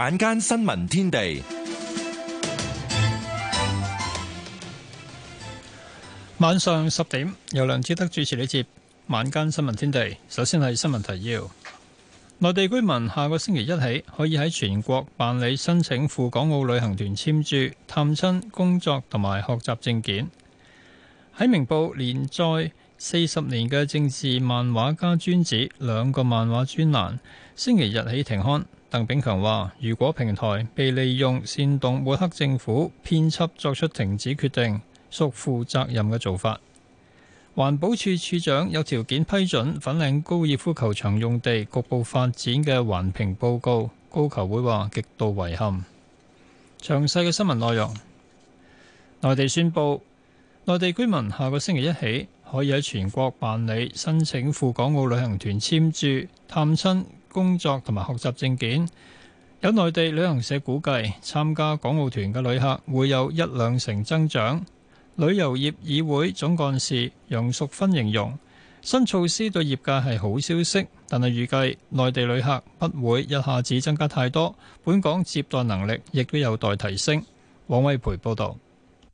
晚間新聞天地，晚上十點由梁志德主持。你接晚間新聞天地，首先係新聞提要。內地居民下個星期一起可以喺全國辦理申請赴港澳旅行團簽注、探親、工作同埋學習證件。喺《明報》連載四十年嘅政治漫畫家尊子兩個漫畫專欄，星期日起停刊。鄧炳強話：如果平台被利用煽動抹黑政府、編輯作出停止決定，屬負責任嘅做法。環保署署長有條件批准粉嶺高爾夫球場用地局部發展嘅環評報告，高球會話極度遺憾。詳細嘅新聞內容，內地宣布，內地居民下個星期一起可以喺全國辦理申請赴港澳旅行團簽注、探親。工作同埋學習證件，有內地旅行社估計，參加港澳團嘅旅客會有一兩成增長。旅遊業議會總幹事楊淑芬形容，新措施對業界係好消息，但係預計內地旅客不會一下子增加太多，本港接待能力亦都有待提升。黃偉培報導。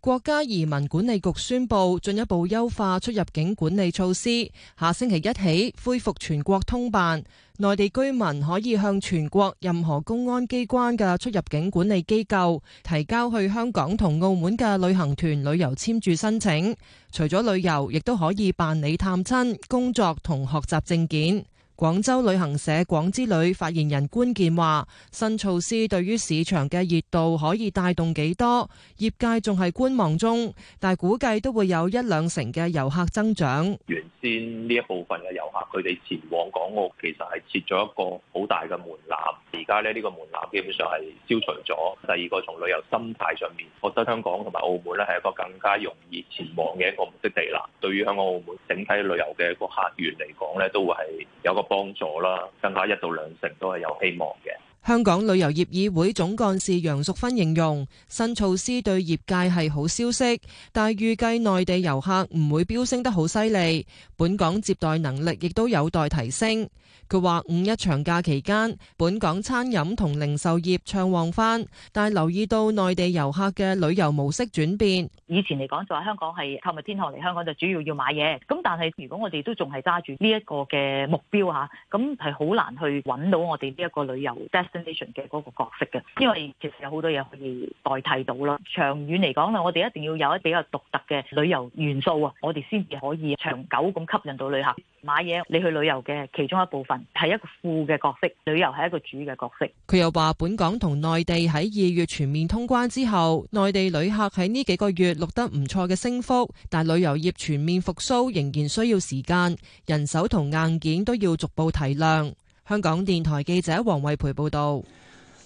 國家移民管理局宣布進一步優化出入境管理措施，下星期一起恢復全國通辦。內地居民可以向全國任何公安機關嘅出入境管理機構提交去香港同澳門嘅旅行團旅遊簽注申請，除咗旅遊，亦都可以辦理探親、工作同學習證件。廣州旅行社廣之旅發言人官健話，新措施對於市場嘅熱度可以帶動幾多？業界仲係觀望中，但係估計都會有一兩成嘅遊客增長。原先呢一部分嘅遊客佢哋前往港澳其實係設咗一個好大嘅門檻，而家咧呢個門檻基本上係消除咗。第二個從旅遊心態上面，覺得香港同埋澳門咧係一個更加容易前往嘅一個目的地啦。對於香港澳門整體旅遊嘅一個客源嚟講咧，都會係有個。幫助啦，增加一到兩成都係有希望嘅。。香港旅遊業議會總幹事楊淑芬形容，新措施對業界係好消息，但係預計內地遊客唔會飆升得好犀利，本港接待能力亦都有待提升。佢話：五一長假期間，本港餐飲同零售業暢旺返，但留意到內地遊客嘅旅遊模式轉變。以前嚟講就話香港係購物天堂嚟，香港就主要要買嘢，咁但係如果我哋都仲係揸住呢一個嘅目標嚇，咁係好難去揾到我哋呢一個旅遊嘅嗰個角色嘅，因為其實有好多嘢可以代替到啦。長遠嚟講啦，我哋一定要有一比較獨特嘅旅遊元素啊，我哋先至可以長久咁吸引到旅客買嘢。你去旅遊嘅其中一部分係一個副嘅角色，旅遊係一個主嘅角色。佢又話，本港同內地喺二月全面通關之後，內地旅客喺呢幾個月錄得唔錯嘅升幅，但旅遊業全面復甦仍然需要時間，人手同硬件都要逐步提量。香港電台記者王慧培報道，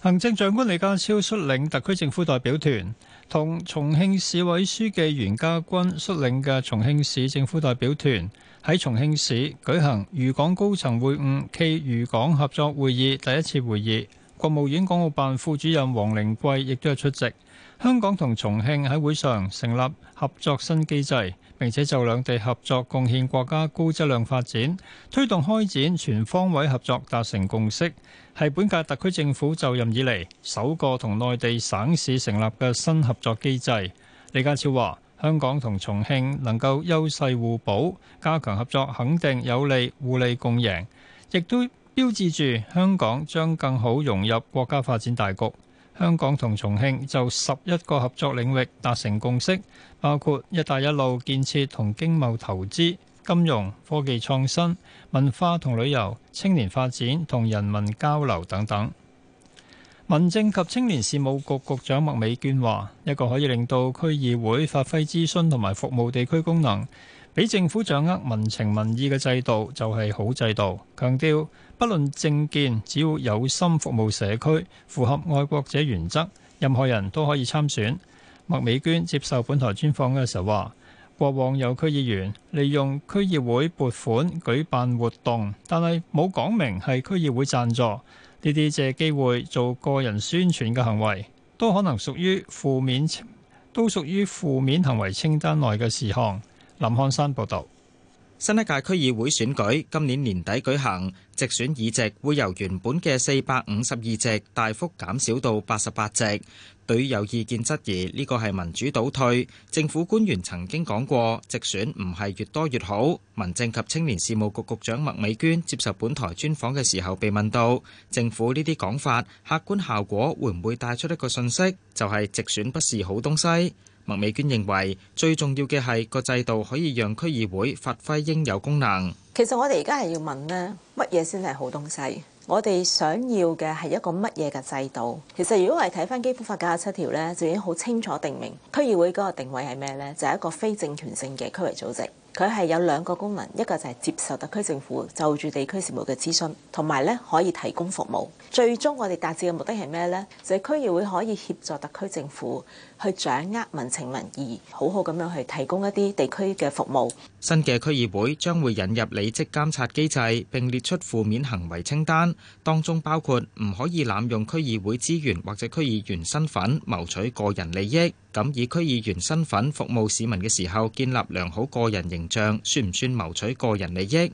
行政長官李家超率領特區政府代表團，同重慶市委書記袁家軍率領嘅重慶市政府代表團喺重慶市舉行渝港高層會晤，暨渝港合作會議第一次會議。國務院港澳辦副主任王靈桂亦都有出席。香港同重慶喺會上成立合作新機制，並且就兩地合作貢獻國家高質量發展，推動開展全方位合作達成共識，係本屆特區政府就任以嚟首個同內地省市成立嘅新合作機制。李家超話：香港同重慶能夠優勢互補，加強合作，肯定有利互利共贏，亦都。標誌住香港將更好融入國家發展大局。香港同重慶就十一個合作領域達成共識，包括一帶一路建設同經貿投資、金融、科技創新、文化同旅遊、青年發展同人民交流等等。民政及青年事務局局長麥美娟話，一個可以令到區議會發揮諮詢同埋服務地區功能，俾政府掌握民情民意嘅制度，就係好制度。強調，不論政見，只要有心服務社區、符合愛國者原則，任何人都可以參選。麥美娟接受本台專訪嘅時候話：過往有區議員利用區議會撥款舉辦活動，但係冇講明係區議會贊助，呢啲借機會做個人宣傳嘅行為，都可能屬於負面，都屬於負面行為清單內嘅事項。林漢山報道。新一屆區議會選舉今年年底舉行，直選議席會由原本嘅四百五十二席大幅減少到八十八席。對於有意見質疑，呢個係民主倒退，政府官員曾經講過，直選唔係越多越好。民政及青年事務局局，局長麥美娟接受本台專訪嘅時候被問到，政府呢啲講法，客觀效果會唔會帶出一個信息，就係直選不是好東西？麥美娟認為最重要嘅係個制度可以讓區議會發揮應有功能。其實我哋而家係要問咧，乜嘢先係好東西？我哋想要嘅係一個乜嘢嘅制度？其實如果我哋睇翻《基本法》九十七條咧，就已經好清楚定明區議會嗰個定位係咩咧？就係一個非政權性嘅區域組織，佢係有兩個功能，一個就係接受特區政府就住地區事務嘅諮詢，同埋咧可以提供服務。最終我哋達至嘅目的係咩咧？就係區議會可以協助特區政府。去掌握民情民意，好好咁樣去提供一啲地區嘅服務。新嘅區議會將會引入履職監察機制，並列出負面行為清單，當中包括唔可以濫用區議會資源或者區議員身份謀取個人利益。咁以區議員身份服務市民嘅時候，建立良好個人形象，算唔算謀取個人利益？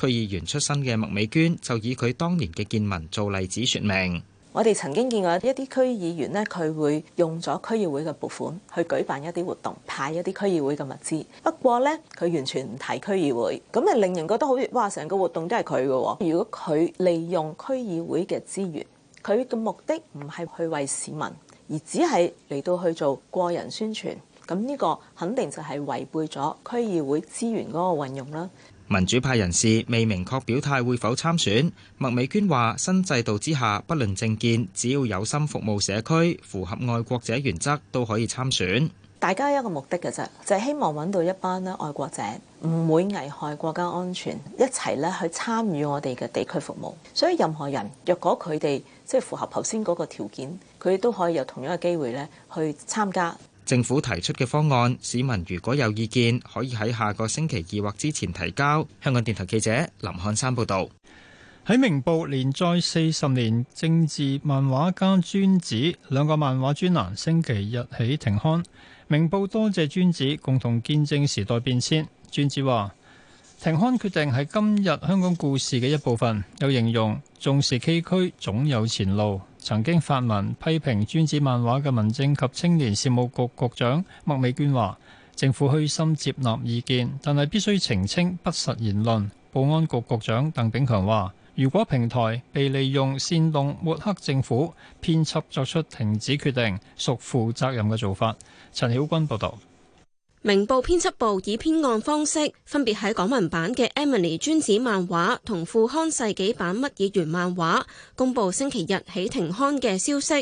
區議員出身嘅麥美娟就以佢當年嘅見聞做例子說明。我哋曾經見過一啲區議員咧，佢會用咗區議會嘅撥款去舉辦一啲活動，派一啲區議會嘅物資。不過咧，佢完全唔提區議會，咁啊令人覺得好似哇，成個活動都係佢嘅。如果佢利用區議會嘅資源，佢嘅目的唔係去為市民，而只係嚟到去做個人宣傳，咁呢個肯定就係違背咗區議會資源嗰個運用啦。民主派人士未明確表態會否參選。麥美娟話：新制度之下，不論政見，只要有心服務社區、符合愛國者原則，都可以參選。大家有一個目的嘅啫，就係希望揾到一班咧愛國者，唔會危害國家安全，一齊咧去參與我哋嘅地區服務。所以任何人，若果佢哋即係符合頭先嗰個條件，佢都可以有同樣嘅機會咧去參加。政府提出嘅方案，市民如果有意見，可以喺下個星期二或之前提交。香港電台記者林漢山報道。喺《明報》連載四十年政治漫畫家尊子兩個漫畫專欄星期日起停刊，《明報》多謝尊子共同見證時代變遷。尊子話：停刊決定係今日香港故事嘅一部分，又形容縱是崎嶇總有前路。曾經發文批評尊子漫畫嘅民政及青年事務局局長麥美娟話：政府虛心接納意見，但係必須澄清不實言論。保安局局長鄧炳強話：如果平台被利用煽動抹黑政府，編輯作出停止決定，屬負責任嘅做法。陳曉君報導。明報編輯部以編案方式，分別喺港聞版嘅《Emily》專子》漫畫同副刊《世紀版乜以圓漫畫》公布星期日起停刊嘅消息。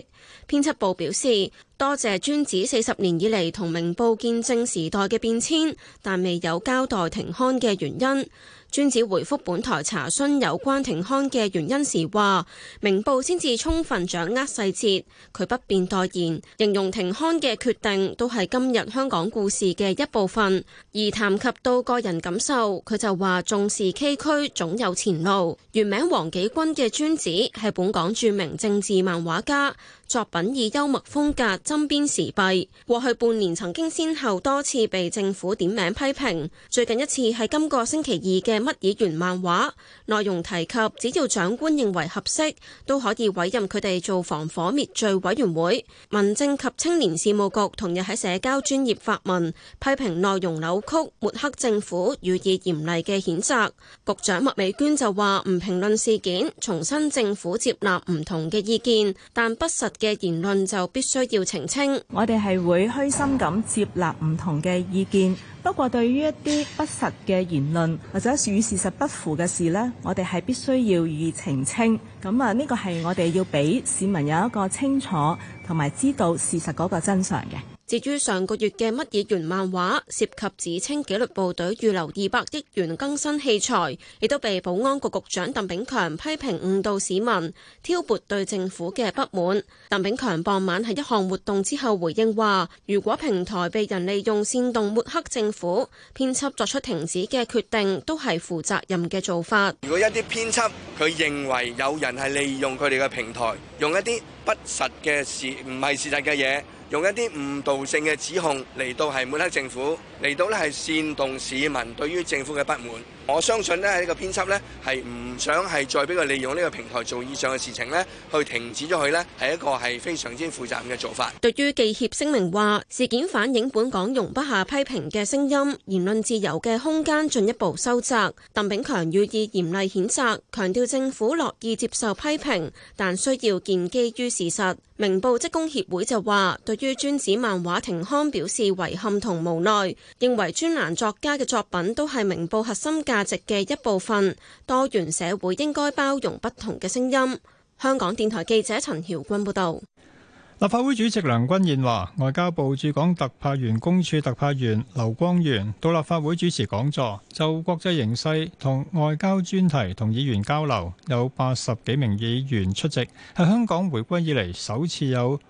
編輯部表示，多謝尊子四十年以嚟同明報見證時代嘅變遷，但未有交代停刊嘅原因。尊子回覆本台查詢有關停刊嘅原因時話，明報先至充分掌握細節，佢不便代言，形容停刊嘅決定都係今日香港故事嘅一部分。而談及到個人感受，佢就話重視崎嶇，總有前路。原名黃紀君嘅尊子係本港著名政治漫畫家。作品以幽默風格針砭時弊，過去半年曾經先後多次被政府點名批評，最近一次係今個星期二嘅乜議員漫畫。內容提及，只要長官認為合適，都可以委任佢哋做防火滅罪委員會。民政及青年事務局同日喺社交專業發文，批評內容扭曲，抹黑政府，予以嚴厲嘅譴責。局長麥美娟就話唔評論事件，重申政府接納唔同嘅意見，但不實嘅言論就必須要澄清。我哋係會虛心咁接納唔同嘅意見，不過對於一啲不實嘅言論或者與事實不符嘅事呢，我哋係必須要予以澄清。咁啊，呢個係我哋要俾市民有一個清楚同埋知道事實嗰個真相嘅。至於上個月嘅乜嘢原漫畫涉及指稱紀律部隊預留二百億元更新器材，亦都被保安局局長鄧炳強批評誤導市民、挑撥對政府嘅不滿。鄧炳強傍晚喺一項活動之後回應話：「如果平台被人利用煽動抹黑政府，編輯作出停止嘅決定，都係負責任嘅做法。如果一啲編輯，佢認為有人係利用佢哋嘅平台，用一啲不實嘅事，唔係事實嘅嘢，用一啲誤導性嘅指控嚟到係抹黑政府，嚟到咧係煽動市民對於政府嘅不滿。我相信呢，呢個編輯呢，係唔想係再俾佢利用呢個平台做以上嘅事情呢，去停止咗佢呢，係一個係非常之負責任嘅做法。對於記協聲明話，事件反映本港容不下批評嘅聲音，言論自由嘅空間進一步收窄。鄧炳強予以嚴厲譴責，強調政府樂意接受批評，但需要建基於事實。明報職工協會就話，對於尊子漫畫停刊表示遺憾同無奈，認為專欄作家嘅作品都係明報核心價價值嘅一部分，多元社會應該包容不同嘅聲音。香港電台記者陳曉君報道。立法會主席梁君彥話，外交部駐港特派員公署特派員劉光源到立法會主持講座，就國際形勢同外交專題同議員交流。有八十幾名議員出席，係香港回歸以嚟首次有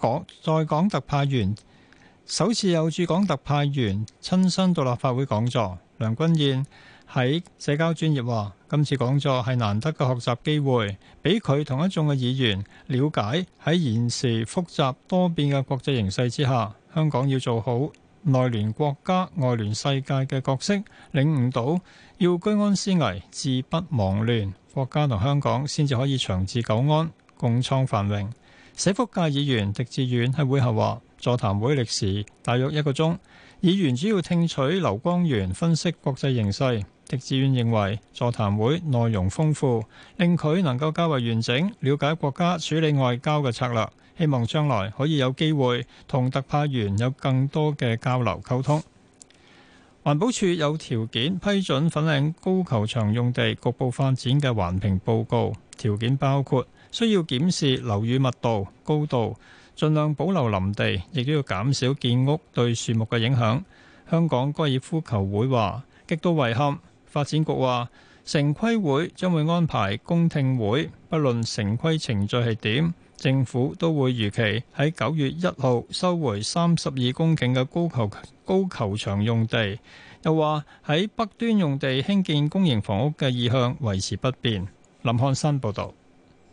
港在港特派員，首次有駐港特派員親身到立法會講座。梁君彥喺社交專業話：今次講座係難得嘅學習機會，俾佢同一眾嘅議員了解喺現時複雜多變嘅國際形勢之下，香港要做好內聯國家、外聯世界嘅角色，領悟到要居安思危、治不忘亂，國家同香港先至可以長治久安、共創繁榮。社福界議員狄志遠喺會後話：座談會歷時大約一個鐘。議員主要聽取劉光源分析國際形勢，狄志遠認為座談會內容豐富，令佢能夠較為完整了解國家處理外交嘅策略。希望將來可以有機會同特派員有更多嘅交流溝通。環保署有條件批准粉嶺高球場用地局部發展嘅環評報告，條件包括需要檢視樓宇密度、高度。盡量保留林地，亦都要減少建屋對樹木嘅影響。香港高爾夫球會話極度遺憾。發展局話城規會將會安排公聽會，不論城規程序係點，政府都會如期喺九月一號收回三十二公頃嘅高球高球場用地。又話喺北端用地興建公營房屋嘅意向維持不變。林漢山報導。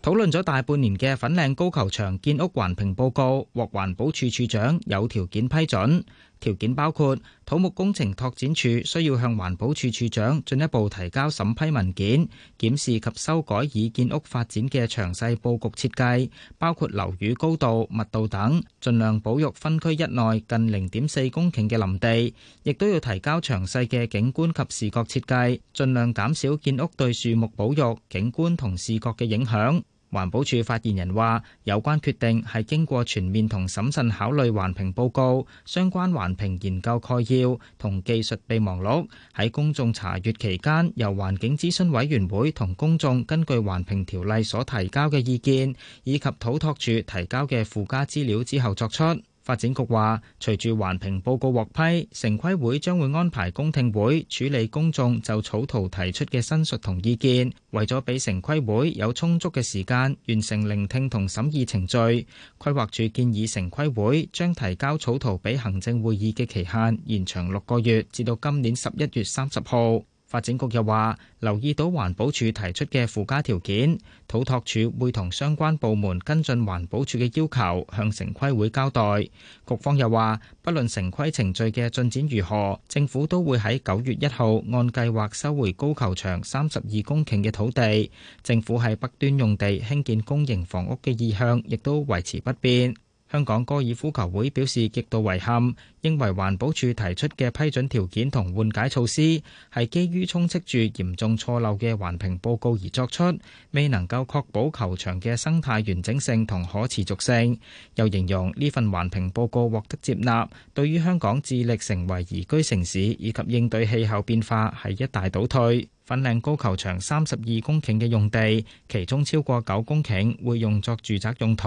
討論咗大半年嘅粉嶺高球場建屋環評報告獲環保署署長有條件批准，條件包括土木工程拓展署需要向環保署署長進一步提交審批文件，檢視及修改已建屋發展嘅詳細佈局設計，包括樓宇高度、密度等，盡量保育分區一內近零點四公頃嘅林地，亦都要提交詳細嘅景觀及視覺設計，盡量減少建屋對樹木保育、景觀同視覺嘅影響。環保署發言人話：有關決定係經過全面同審慎考慮環評報告、相關環評研究概要同技術備忘錄，喺公眾查閱期間，由環境諮詢委員會同公眾根據環評條例所提交嘅意見，以及土拓署提交嘅附加資料之後作出。發展局話，隨住環評報告獲批，城規會將會安排公聽會處理公眾就草圖提出嘅申述同意見，為咗俾城規會有充足嘅時間完成聆聽同審議程序，規劃署建議城規會將提交草圖俾行政會議嘅期限延長六個月，至到今年十一月三十號。發展局又話，留意到環保署提出嘅附加條件，土拓署會同相關部門跟進環保署嘅要求，向城規會交代。局方又話，不論城規程序嘅進展如何，政府都會喺九月一號按計劃收回高球場三十二公頃嘅土地。政府喺北端用地興建公營房屋嘅意向亦都維持不變。香港哥爾夫球會表示極度遺憾。認為環保署提出嘅批准條件同緩解措施係基於充斥住嚴重錯漏嘅環評報告而作出，未能夠確保球場嘅生態完整性同可持續性。又形容呢份環評報告獲得接納，對於香港致力成為宜居城市以及應對氣候變化係一大倒退。粉嶺高球場三十二公頃嘅用地，其中超過九公頃會用作住宅用途，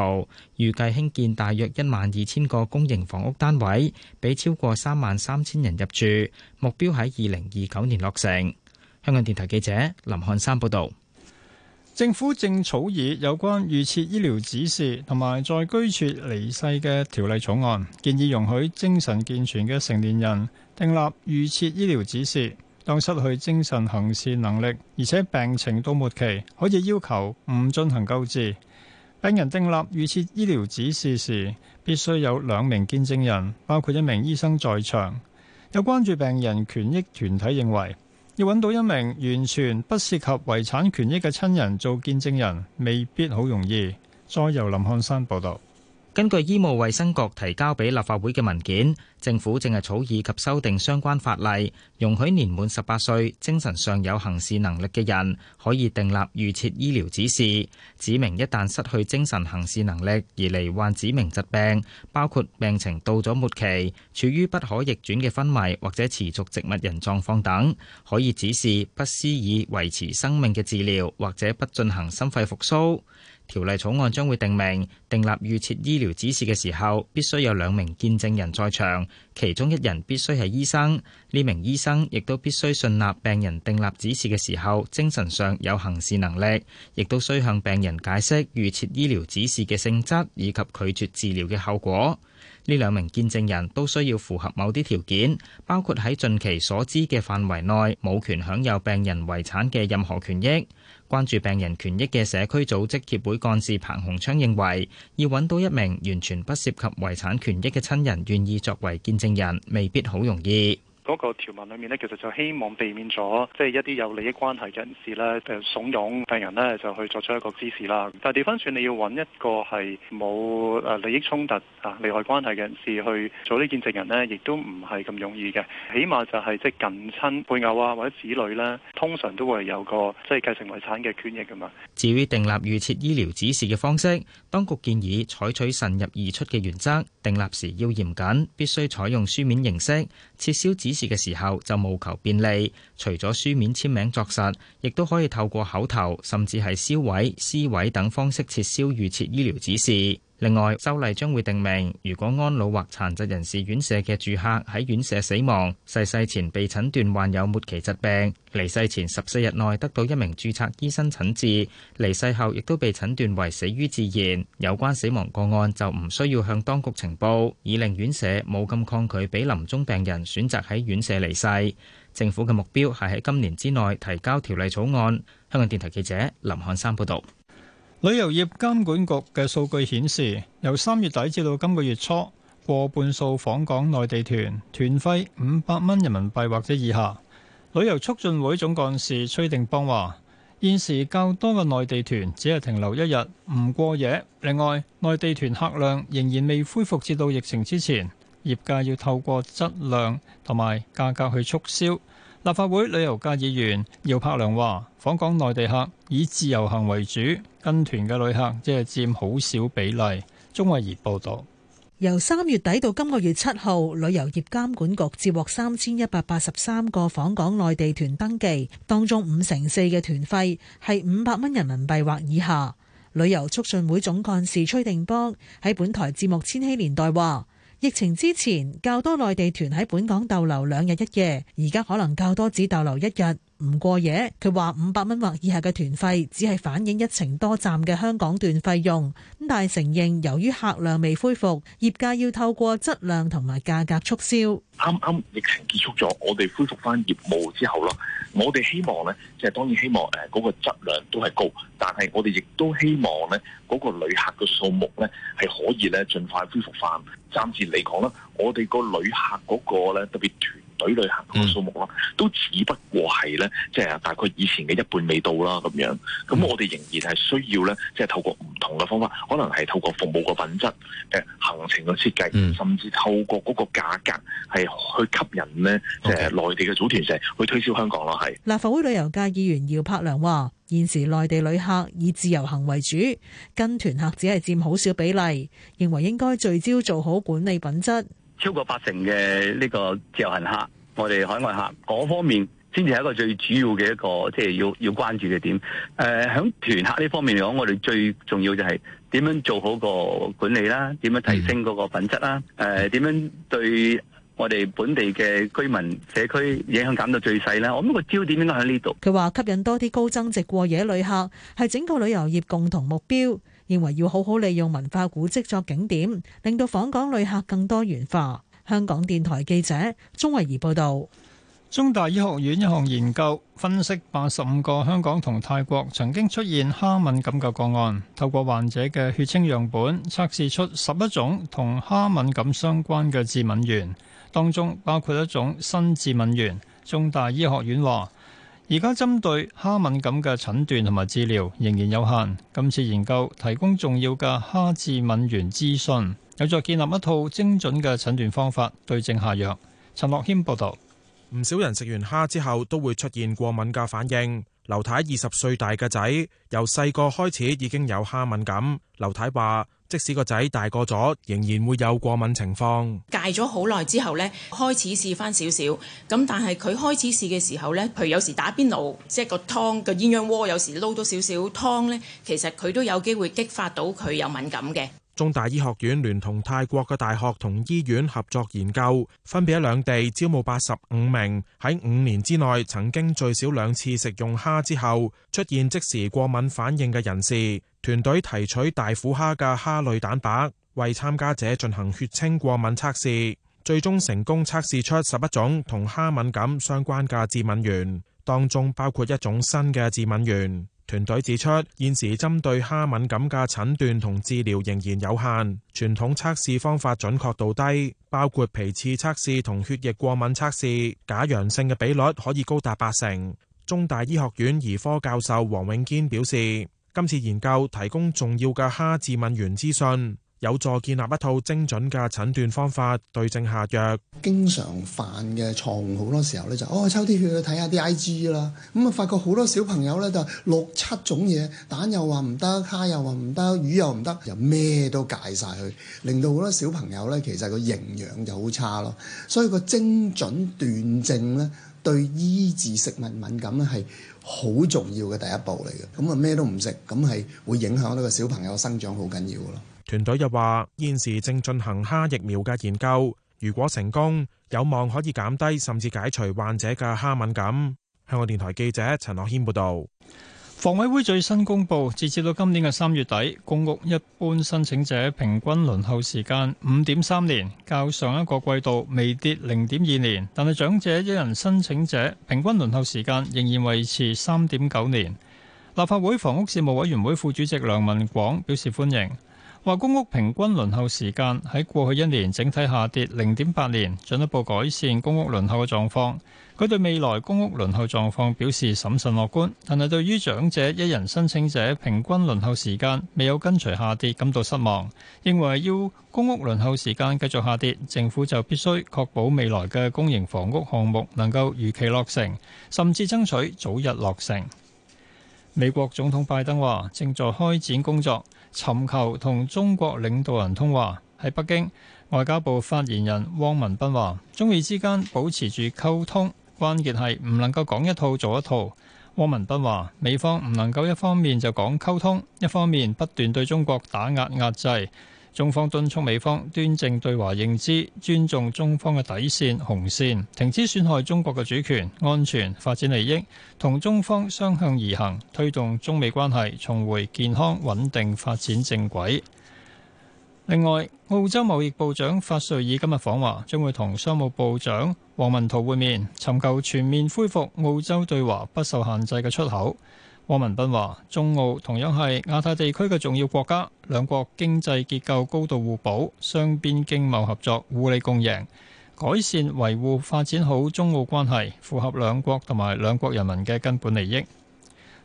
預計興建大約一萬二千個公營房屋單位。俾超過三萬三千人入住，目標喺二零二九年落成。香港電台記者林漢山報道。政府正草擬有關預設醫療指示同埋在居處離世嘅條例草案，建議容許精神健全嘅成年人訂立預設醫療指示，當失去精神行事能力而且病情到末期，可以要求唔進行救治。病人訂立預設醫療指示時，必須有兩名見證人，包括一名醫生在場。有關注病人權益團體認為，要揾到一名完全不涉及遺產權益嘅親人做見證人，未必好容易。再由林漢山報導。根據醫務衛生局提交俾立法會嘅文件，政府正係草擬及修訂相關法例，容許年滿十八歲、精神上有行事能力嘅人可以訂立預設醫療指示，指明一旦失去精神行事能力而罹患指明疾病，包括病情到咗末期、處於不可逆轉嘅昏迷或者持續植物人狀況等，可以指示不施以維持生命嘅治療或者不進行心肺復甦。條例草案將會訂明，訂立預設醫療指示嘅時候，必須有兩名見證人在場，其中一人必須係醫生。呢名醫生亦都必須信納病人訂立指示嘅時候精神上有行事能力，亦都需向病人解釋預設醫療指示嘅性質以及拒絕治療嘅後果。呢兩名見證人都需要符合某啲條件，包括喺近期所知嘅範圍內冇權享有病人遺產嘅任何權益。關注病人權益嘅社區組織協會幹事彭洪昌認為，要揾到一名完全不涉及遺產權益嘅親人願意作為見證人，未必好容易。嗰個條文裏面咧，其實就希望避免咗即係一啲有利益關係嘅人士咧，誒慫恿病人咧就去作出一個指示啦。但係調翻轉，你要揾一個係冇誒利益衝突啊、利害關係嘅人士去做呢個見證人咧，亦都唔係咁容易嘅。起碼就係即係近親配偶啊，或者子女咧，通常都會有個即係、就是、繼承遺產嘅權益噶嘛。至於訂立預設醫療指示嘅方式，當局建議採取慎入而出嘅原則，訂立時要嚴謹，必須採用書面形式；撤銷指示嘅時候就務求便利，除咗書面簽名作實，亦都可以透過口頭，甚至係銷毀、撕毀等方式撤銷預設醫療指示。另外，修例將會定明，如果安老或殘疾人士院舍嘅住客喺院舍死亡，逝世，世前被診斷患有末期疾病，離世前十四日內得到一名註冊醫生診治，離世後亦都被診斷為死於自然，有關死亡個案就唔需要向當局呈報，以令院舍冇咁抗拒俾臨終病人選擇喺院舍離世。政府嘅目標係喺今年之內提交條例草案。香港電台記者林漢山報導。旅遊業監管局嘅數據顯示，由三月底至到今個月初，過半數訪港內地團團費五百蚊人民幣或者以下。旅遊促進會總幹事崔定邦話：現時較多嘅內地團只係停留一日，唔過夜。另外，內地團客量仍然未恢復至到疫情之前，業界要透過質量同埋價格去促銷。立法會旅遊界議員姚柏良話：訪港內地客以自由行為主。跟團嘅旅客即係佔好少比例。鍾慧儀報道，由三月底到今個月七號，旅遊業監管局接獲三千一百八十三個訪港內地團登記，當中五成四嘅團費係五百蚊人民幣或以下。旅遊促進會總幹事崔定邦喺本台節目《千禧年代》話，疫情之前較多內地團喺本港逗留兩日一夜，而家可能較多只逗留一日，唔過夜，佢話五百蚊或以下嘅團費只係反映一程多站嘅香港段費用，咁但係承認由於客量未恢復，業界要透過質量同埋價格促銷。啱啱疫情結束咗，我哋恢復翻業務之後咯，我哋希望咧，即係當然希望誒，嗰個質量都係高，但係我哋亦都希望咧，嗰個旅客嘅數目咧係可以咧盡快恢復翻。暫時嚟講啦，我哋個旅客嗰個咧特別團。隊旅行嘅數目咯，嗯、都只不過係咧，即係大概以前嘅一半未到啦，咁樣。咁我哋仍然係需要咧，即係透過唔同嘅方法，可能係透過服務個品質、誒行程嘅設計，嗯、甚至透過嗰個價格係去吸引呢，即係內地嘅組團社去推銷香港咯。係。立法會旅遊界議員姚柏良話：現時內地旅客以自由行為主，跟團客只係佔好少比例，認為應該聚焦做好管理品質。超過八成嘅呢個自由行客，我哋海外客嗰方面，先至係一個最主要嘅一個，即係要要關注嘅點。誒、呃，喺團客呢方面嚟講，我哋最重要就係點樣做好個管理啦，點樣提升嗰個品質啦，誒、呃，點樣對我哋本地嘅居民社區影響減到最細啦。我諗個焦點應該喺呢度。佢話吸引多啲高增值過夜旅客，係整個旅遊業共同目標。認為要好好利用文化古蹟作景點，令到訪港旅客更多元化。香港電台記者鍾慧儀報道，中大醫學院一項研究分析八十五個香港同泰國曾經出現蝦敏感嘅個案，透過患者嘅血清樣本測試出十一種同蝦敏感相關嘅致敏原，當中包括一種新致敏原。中大醫學院話。而家針對蝦敏感嘅診斷同埋治療仍然有限，今次研究提供重要嘅蝦致敏原資訊，有助建立一套精準嘅診斷方法，對症下藥。陳樂軒報導，唔少人食完蝦之後都會出現過敏嘅反應。劉太二十歲大嘅仔由細個開始已經有蝦敏感，劉太話。即使個仔大個咗，仍然會有過敏情況。戒咗好耐之後呢，開始試翻少少。咁但係佢開始試嘅時候咧，佢有時打邊爐，即係個湯個鴛鴦鍋，有時撈到少少湯呢，其實佢都有機會激發到佢有敏感嘅。中大醫學院聯同泰國嘅大學同醫院合作研究，分別喺兩地招募八十五名喺五年之內曾經最少兩次食用蝦之後出現即時過敏反應嘅人士。團隊提取大虎蝦嘅蝦類蛋白，為參加者進行血清過敏測試，最終成功測試出十一種同蝦敏感相關嘅致敏原，當中包括一種新嘅致敏原。團隊指出，現時針對蝦敏感嘅診斷同治療仍然有限，傳統測試方法準確度低，包括皮刺測試同血液過敏測試，假陽性嘅比率可以高達八成。中大醫學院兒科教授黃永堅表示。今次研究提供重要嘅蝦致敏原資訊，有助建立一套精準嘅診斷方法，對症下藥。經常犯嘅錯誤好多時候咧就哦抽啲血去睇下啲 IG 啦，咁、嗯、啊發覺好多小朋友咧就六七種嘢蛋又話唔得，蝦又話唔得，魚又唔得，又咩都戒晒。佢，令到好多小朋友咧其實個營養就好差咯。所以個精準斷症咧，對醫治食物敏感咧係。好重要嘅第一步嚟嘅，咁啊咩都唔食，咁係會影響呢個小朋友生長，好緊要咯。團隊又話現時正進行蝦疫苗嘅研究，如果成功，有望可以減低甚至解除患者嘅蝦敏感。香港電台記者陳樂謙報道。房委會最新公布，截至到今年嘅三月底，公屋一般申請者平均輪候時間五點三年，較上一個季度微跌零點二年。但係長者一人申請者平均輪候時間仍然維持三點九年。立法會房屋事務委員會副主席梁文廣表示歡迎。話公屋平均輪候時間喺過去一年整體下跌零點八年，進一步改善公屋輪候嘅狀況。佢對未來公屋輪候狀況表示審慎樂觀，但係對於長者一人申請者平均輪候時間未有跟隨下跌感到失望，認為要公屋輪候時間繼續下跌，政府就必須確保未來嘅公營房屋項目能夠如期落成，甚至爭取早日落成。美國總統拜登話，正在開展工作。尋求同中國領導人通話，喺北京外交部發言人汪文斌話：中美之間保持住溝通，關鍵係唔能夠講一套做一套。汪文斌話：美方唔能夠一方面就講溝通，一方面不斷對中國打壓壓制。中方敦促美方端正對華認知，尊重中方嘅底線紅線，停止損害中國嘅主權、安全、發展利益，同中方相向而行，推動中美關係重回健康穩定發展正軌。另外，澳洲貿易部長法瑞爾今日訪華，將會同商務部長王文濤會面，尋求全面恢復澳洲對華不受限制嘅出口。汪文斌話：中澳同樣係亞太地區嘅重要國家，兩國經濟結構高度互補，雙邊經貿合作互利共贏，改善維護發展好中澳關係，符合兩國同埋兩國人民嘅根本利益。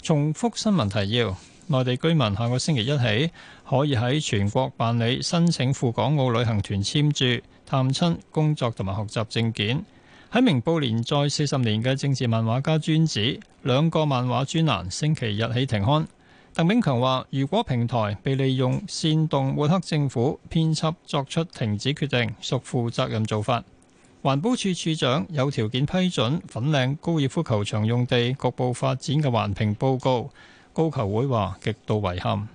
重複新聞提要：內地居民下個星期一起可以喺全國辦理申請赴港澳旅行團簽注、探親、工作同埋學習證件。喺明報連載四十年嘅政治漫畫家尊子兩個漫畫專欄星期日起停刊。鄧炳強話：如果平台被利用煽動抹黑政府、編輯作出停止決定，屬負責任做法。環保署署長有條件批准粉嶺高爾夫球場用地局部發展嘅環評報告。高球會話極度遺憾。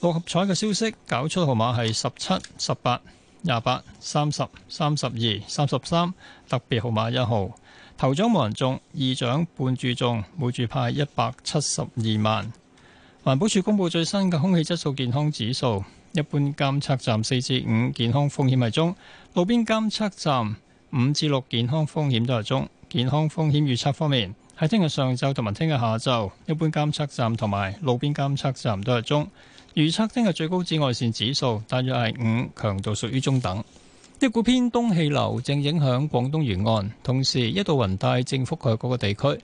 六合彩嘅消息，攪出號碼係十七、十八、廿八、三十、三十二、三十三，特別號碼一號，頭獎冇人中，二獎半注中，每注派一百七十二萬。環保署公布最新嘅空氣質素健康指數，一般監測站四至五健康風險係中，路邊監測站五至六健康風險都係中。健康風險預測方面，喺聽日上晝同埋聽日下晝，一般監測站同埋路邊監測站都係中。預測聽日最高紫外線指數大約係五，強度屬於中等。一股偏東氣流正影響廣東沿岸，同時一道雲帶正覆蓋嗰個地區。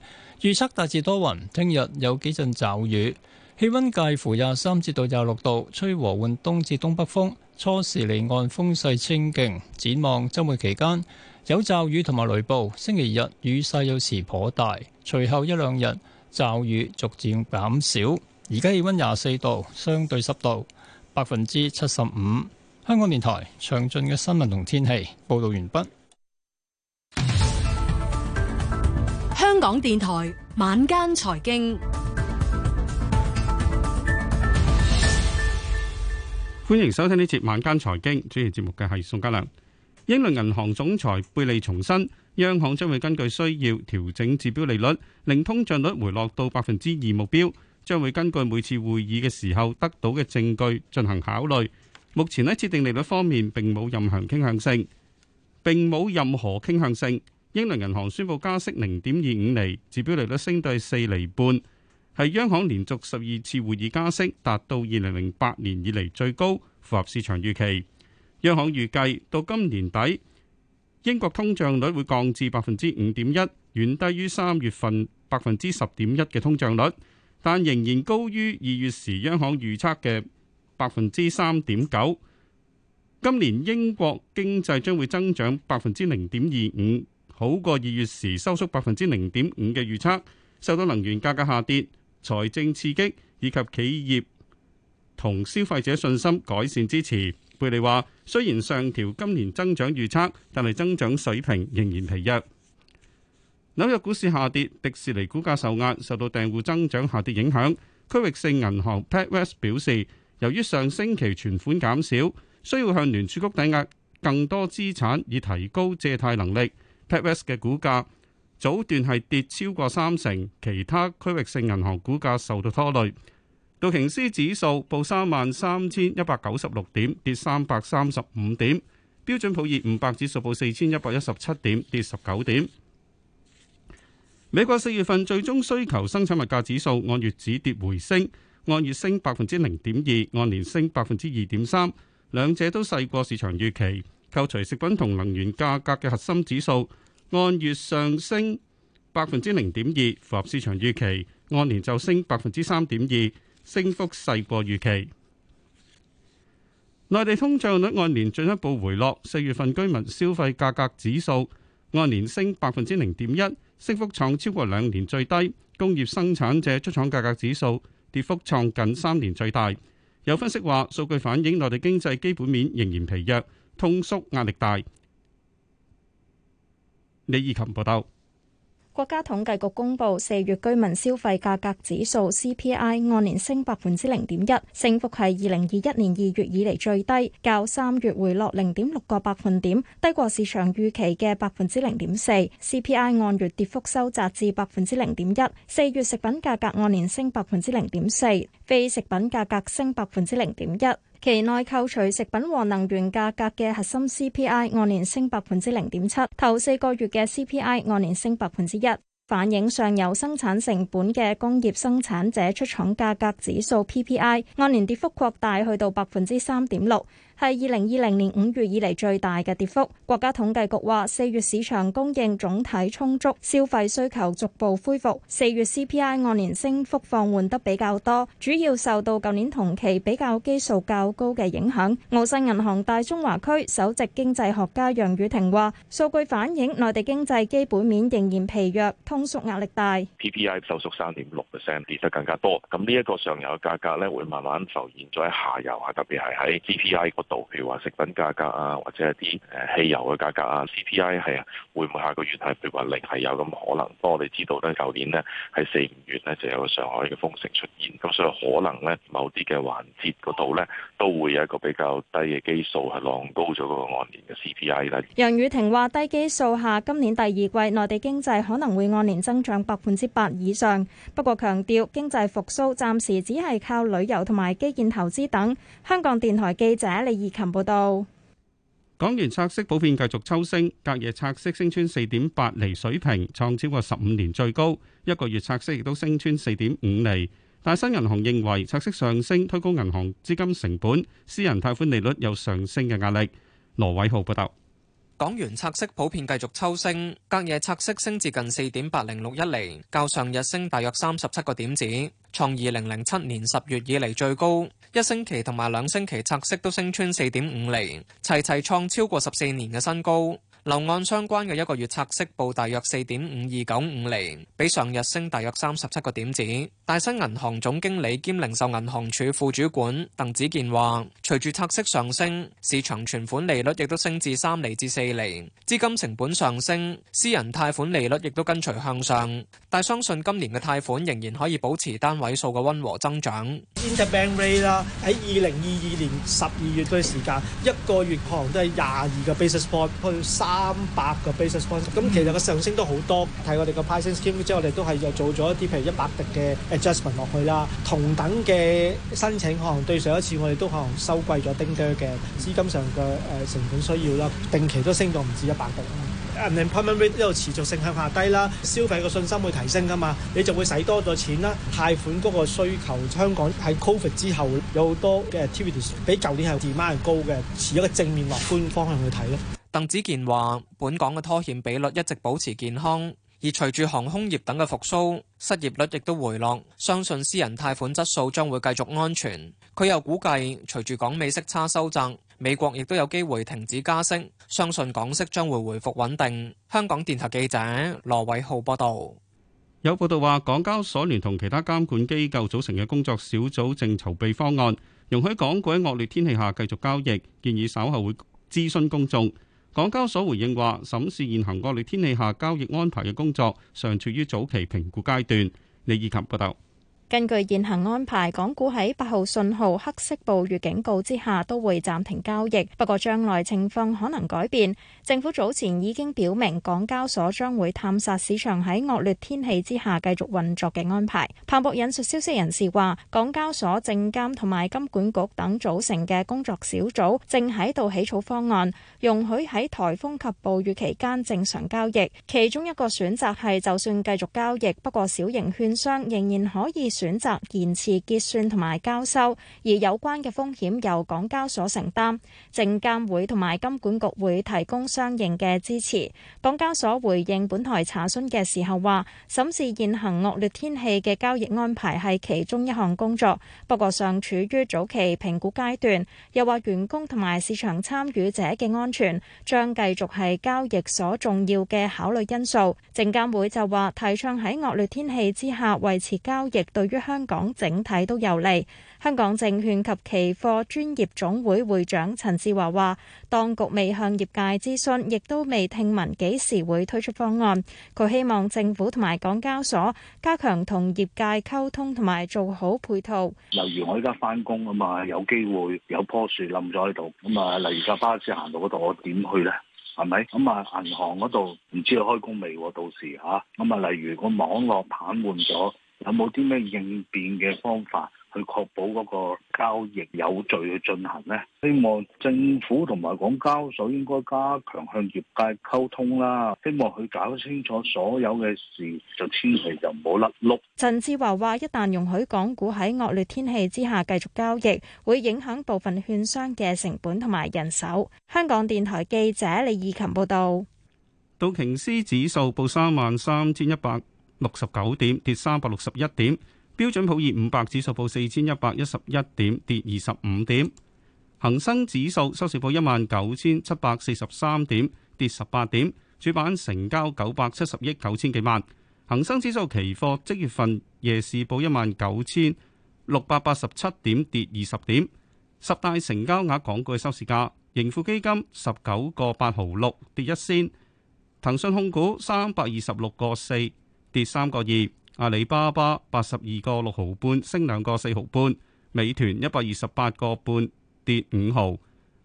預測大致多雲，聽日有幾陣驟雨，氣温介乎廿三至到廿六度，吹和緩東至東北風，初時離岸風勢清勁。展望週末期間有驟雨同埋雷暴，星期日雨勢有時頗大，隨後一兩日驟雨逐漸減少。而家氣溫廿四度，相對濕度百分之七十五。香港電台詳盡嘅新聞同天氣報道完畢。香港電台晚間財經，歡迎收聽呢節晚間財經。主持節目嘅係宋家良。英倫銀行總裁貝利重申，央行將會根據需要調整指標利率，令通脹率回落到百分之二目標。將會根據每次會議嘅時候得到嘅證據進行考慮。目前喺設定利率方面並冇任何傾向性，並冇任何傾向性。英倫銀行宣布加息零點二五厘，指標利率升到四厘半，係央行連續十二次會議加息，達到二零零八年以嚟最高，符合市場預期。央行預計到今年底英國通脹率會降至百分之五點一，遠低於三月份百分之十點一嘅通脹率。但仍然高於二月時央行預測嘅百分之三點九。今年英國經濟將會增長百分之零點二五，好過二月時收縮百分之零點五嘅預測。受到能源價格下跌、財政刺激以及企業同消費者信心改善支持，貝利話：雖然上調今年增長預測，但係增長水平仍然疲弱。紐約股市下跌，迪士尼股價受壓，受到訂戶增長下跌影響。區域性銀行 PetWest 表示，由於上星期存款減少，需要向聯儲局抵押更多資產以提高借貸能力。PetWest 嘅股價早段係跌超過三成，其他區域性銀行股價受到拖累。道瓊斯指數報三萬三千一百九十六點，跌三百三十五點；標準普爾五百指數報四千一百一十七點，跌十九點。美國四月份最終需求生產物價指數按月止跌回升，按月升百分之零點二，按年升百分之二點三，兩者都細過市場預期。扣除食品同能源價格嘅核心指數按月上升百分之零點二，符合市場預期，按年就升百分之三點二，升幅細過預期。內地通脹率按年進一步回落，四月份居民消費價格指數按年升百分之零點一。升幅創超過兩年最低，工業生產者出廠價格指數跌幅創近三年最大。有分析話，數據反映內地經濟基本面仍然疲弱，通縮壓力大。李以琴報道。國家統計局公布四月居民消費價格指數 CPI 按年升百分之零點一，升幅係二零二一年二月以嚟最低，較三月回落零點六個百分點，低過市場預期嘅百分之零點四。CPI 按月跌幅收窄至百分之零點一，四月食品價格按年升百分之零點四，非食品價格升百分之零點一。期內扣除食品和能源價格嘅核心 CPI 按年升百分之零點七，頭四個月嘅 CPI 按年升百分之一，反映上游生產成本嘅工業生產者出廠價格指數 PPI 按年跌幅擴大，去到百分之三點六。係二零二零年五月以嚟最大嘅跌幅。國家統計局話，四月市場供應總體充足，消費需求逐步恢復。四月 CPI 按年升幅放緩得比較多，主要受到舊年同期比較基數較高嘅影響。澳新銀行大中華區首席經濟學家楊宇婷話，數據反映內地經濟基本面仍然疲弱，通縮壓力大。PPI 收縮三點六 percent，跌得更加多。咁呢一個上游嘅價格咧，會慢慢浮現咗喺下游啊，特別係喺 GPI 譬如話食品價格啊，或者一啲誒汽油嘅價格啊，CPI 係會唔會下個月譬如話零係有咁可能？當我哋知道咧，舊年呢，喺四五月呢就有個上海嘅封城出現，咁所以可能呢某啲嘅環節嗰度呢，都會有一個比較低嘅基數，係浪高咗個按年嘅 CPI 啦。楊宇婷話：低基數下，今年第二季內地經濟可能會按年增長百分之八以上。不過強調經濟復甦暫時只係靠旅遊同埋基建投資等。香港電台記者葉琴報道，港元拆息普遍繼續抽升，隔夜拆息升穿四點八厘水平，創超過十五年最高。一個月拆息亦都升穿四點五厘。大新銀行認為，拆息上升推高銀行資金成本，私人貸款利率有上升嘅壓力。羅偉浩報道。港元拆息普遍繼續抽升，隔夜拆息升至近四點八零六一厘，較上日升大約三十七個點子，創二零零七年十月以嚟最高。一星期同埋兩星期拆息都升穿四點五厘，齊齊創超過十四年嘅新高。樓按相關嘅一個月拆息報大約四點五二九五厘，比上日升大約三十七個點子。大新銀行總經理兼零售銀行處副主管鄧子健話，隨住拆息上升，市場存款利率亦都升至三厘至四厘，資金成本上升，私人貸款利率亦都跟隨向上。但相信今年嘅貸款仍然可以保持單位數嘅溫和增長。Interbank rate 啦，喺二零二二年十二月嘅時間，一個月可能都係廿二個 basis point 去三百個 basis point，咁、mm hmm. 其實個上升都好多。睇我哋個 pricing scheme 之後，我哋都係又做咗一啲譬如一百滴嘅，adjustment 落去啦，同等嘅申請項對上一次我哋都可能收貴咗丁多嘅資金上嘅誒成本需要啦，定期都升到唔止一百倍啊呢個持續性向下低啦，消費嘅信心會提升㗎嘛，你就會使多咗錢啦，貸款嗰個需求香港喺 Covid 之後有好多嘅 T bill 比舊年係二萬嘅高嘅，持一個正面樂觀方向去睇咧。鄧子健話：本港嘅拖欠比率一直保持健康。而隨住航空業等嘅復甦，失業率亦都回落，相信私人貸款質素將會繼續安全。佢又估計，隨住港美息差收窄，美國亦都有機會停止加息，相信港息將會回復穩定。香港電台記者羅偉浩報道。有報道話，港交所聯同其他監管機構組成嘅工作小組正籌備方案，容許港股喺惡劣天氣下繼續交易，建議稍後會諮詢公眾。港交所回應話，審視現行惡劣天氣下交易安排嘅工作尚處於早期評估階段。李意及報道。根據現行安排，港股喺八號信號黑色暴雨警告之下都會暫停交易。不過將來情況可能改變，政府早前已經表明，港交所將會探索市場喺惡劣天氣之下繼續運作嘅安排。彭博引述消息人士話，港交所證監同埋金管局等組成嘅工作小組正喺度起草方案，容許喺台風及暴雨期間正常交易。其中一個選擇係，就算繼續交易，不過小型券商仍然可以。選擇延遲結算同埋交收，而有關嘅風險由港交所承擔，證監會同埋金管局會提供相應嘅支持。港交所回應本台查詢嘅時候話，審視現行惡劣天氣嘅交易安排係其中一項工作，不過尚處於早期評估階段。又話，員工同埋市場參與者嘅安全將繼續係交易所重要嘅考慮因素。證監會就話提倡喺惡劣天氣之下維持交易對對於香港整體都有利。香港證券及期貨專業總會會長陳志華話，當局未向業界諮詢，亦都未聽聞幾時會推出方案。佢希望政府同埋港交所加強同業界溝通，同埋做好配套。例如我而家翻工啊嘛，有機會有棵樹冧咗喺度咁啊，例如架巴士行到嗰度，我點去呢？係咪咁啊？銀行嗰度唔知佢開工未？到時吓咁啊？例如個網絡癱瘓咗。有冇啲咩應變嘅方法去確保嗰個交易有序去進行呢？希望政府同埋港交所應該加強向業界溝通啦，希望佢搞清楚所有嘅事，就千祈就唔好甩碌。陳志華話，一旦容許港股喺惡劣天氣之下繼續交易，會影響部分券商嘅成本同埋人手。香港電台記者李怡琴報道。道瓊斯指數報三萬三千一百六十九點，跌三百六十一點，標準普爾五百指數報四千一百一十一點，跌二十五點，恒生指數收市報一萬九千七百四十三點，跌十八點，主板成交九百七十億九千幾萬，恒生指數期貨即月份夜市報一萬九千六百八十七點，跌二十點，十大成交額港股收市價，盈富基金十九個八毫六，跌一仙，騰訊控股三百二十六個四。跌三個二，阿里巴巴八十二個六毫半，升兩個四毫半；美團一百二十八個半，跌五毫；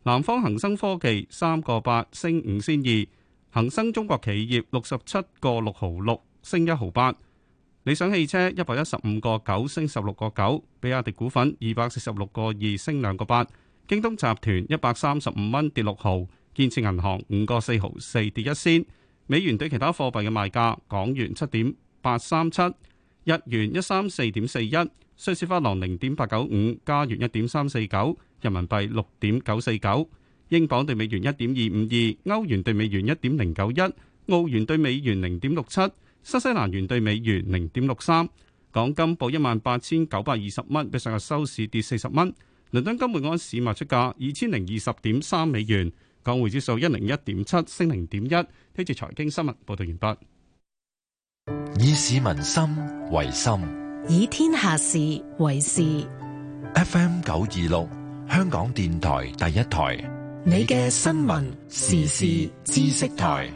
南方恒生科技三個八，升五先二；恒生中國企業六十七個六毫六，升一毫八；理想汽車一百一十五個九，升十六個九；比亞迪股份二百四十六個二，升兩個八；京東集團一百三十五蚊，跌六毫；建設銀行五個四毫四，跌一先。美元對其他貨幣嘅賣價：港元七點八三七，日元一三四點四一，瑞士法郎零點八九五，加元一點三四九，人民幣六點九四九，英鎊對美元一點二五二，歐元對美元一點零九一，澳元對美元零點六七，新西蘭元對美元零點六三。港金報一萬八千九百二十蚊，比上日收市跌四十蚊。倫敦金每盎司賣出價二千零二十點三美元。港匯指數一零一點七升零點一。呢次財經新聞報道完畢。以市民心為心，以天下事為事。FM 九二六，香港電台第一台，你嘅新聞時事知識台，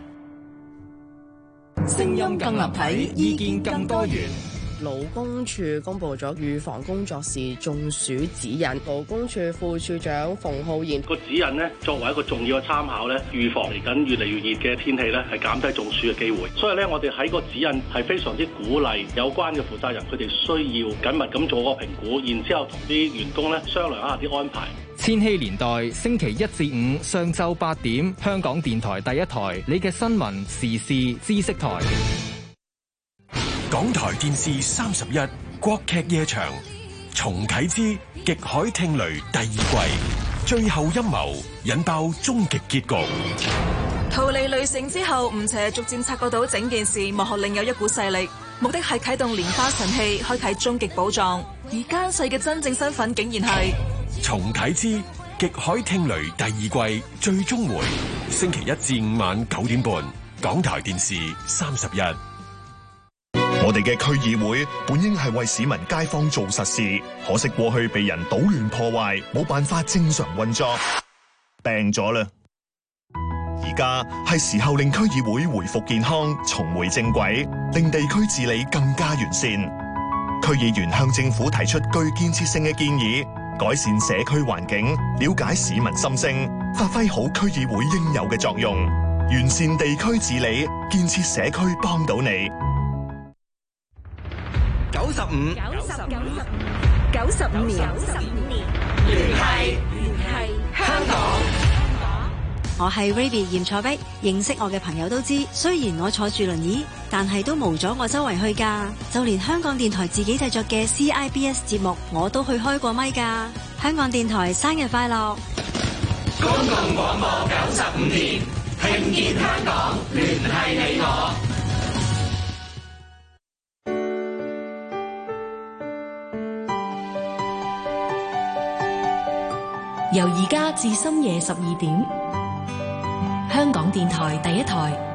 聲音更立體，意見更多元。勞工處公布咗預防工作時中暑指引，勞工處副處長馮浩然，個指引咧，作為一個重要嘅參考咧，預防嚟緊越嚟越熱嘅天氣咧，係減低中暑嘅機會。所以咧，我哋喺個指引係非常之鼓勵有關嘅負責人，佢哋需要緊密咁做個評估，然之後同啲員工咧商量一下啲安排。千禧年代星期一至五上晝八點，香港電台第一台，你嘅新聞時事知識台。港台電視三十一，國劇夜場，重啟之極海聽雷第二季，最後陰謀引爆終極結局。逃離雷城之後吳邪逐漸察覺到整件事幕後另有一股勢力，目的係啟動蓮花神器，開啟終極寶藏。而奸細嘅真正身份竟然係重啟之極海聽雷第二季最終回，星期一至五晚九點半，港台電視三十一。我哋嘅區議會本應係為市民街坊做實事，可惜過去被人搗亂破壞，冇辦法正常運作，病咗了啦。而家係時候令區議會恢復健康，重回正軌，令地區治理更加完善。區議員向政府提出具建設性嘅建議，改善社區環境，了解市民心聲，發揮好區議會應有嘅作用，完善地區治理，建設社區，幫到你。九十五，九十五，九十五年，聯繫聯繫香港。我係 Ruby 嚴楚碧，認識我嘅朋友都知，雖然我坐住輪椅，但係都冇咗我周圍去噶。就連香港電台自己製作嘅 CIBS 節目，我都去開過麥噶。香港電台生日快樂！公共廣播九十五年，聽見香港，聯繫你我。由而家至深夜十二點，香港電台第一台。